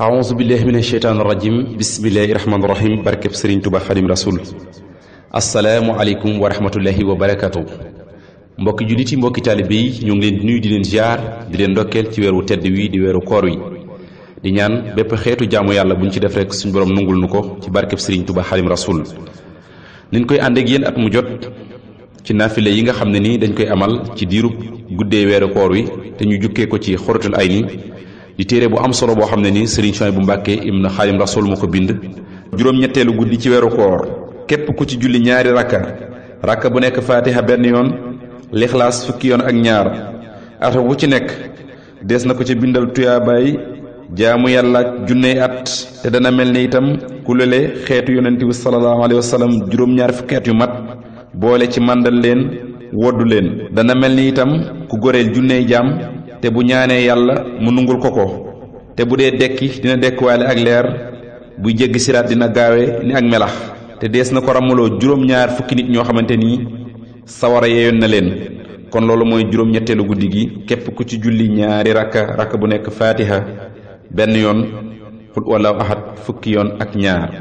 aouzu billahi mina sheytaani rajim bismillahi rahmaani rahim barkeb sëriñ tuba xadim rasul asalaamualeykum wa rahmatullahi wa barakatu mbokki jullit yi mbokki taalibe yi ñu ngi leen di nuyu di leen ziar di leen ndokkeel ci weeru tedd wi di weeru koor wi di ñaan bépp xeetu jaamu yàlla buñ ci def rek suñ borom nungul nu ko ci barkeb sëriñ tuba xadim rasul niñ koy ànd ak yéen at mu jot ci naafile yi nga xam ne ni dañ koy amal ci diirub guddee weeru koor wi te ñu jukkee ko ci xoratul ay ni di téere bu am solo boo xam ne ni Serigne Souhaïbou Mbacké ibn Khadim Rassoul moo ko bind juróom-ñetteelu guddi ci weeru koor képp ku ci julli ñaari rakka rakka bu nekk fatiha benn yoon lixlaas fukki yoon ak ñaar ata bu ci nekk des na ko ci bindal tuyaabaay jaamu yàlla ak junney at te dana mel ni itam ku lele xeetu yonent bi sallallahu alayhi wa sallam juróom-ñaar fukki yu mat boole ci màndal leen woddu leen dana mel ni itam ku goreel junney jaam te bu ñaanee yàlla mu nungul ko ko te bu dee dekki dina dekkiwaale ak leer buy jéggi siraat dina gaawe ni ak melax te dees na ko ramuloo juróom-ñaar fukki nit ñoo xamante ni sawara yeeyoon na leen kon loolu mooy juróom-ñetteelu guddi gi képp ku ci julli ñaari rakka rakka bu nekk faatiha benn yoon xul walla ahad fukki yoon ak ñaar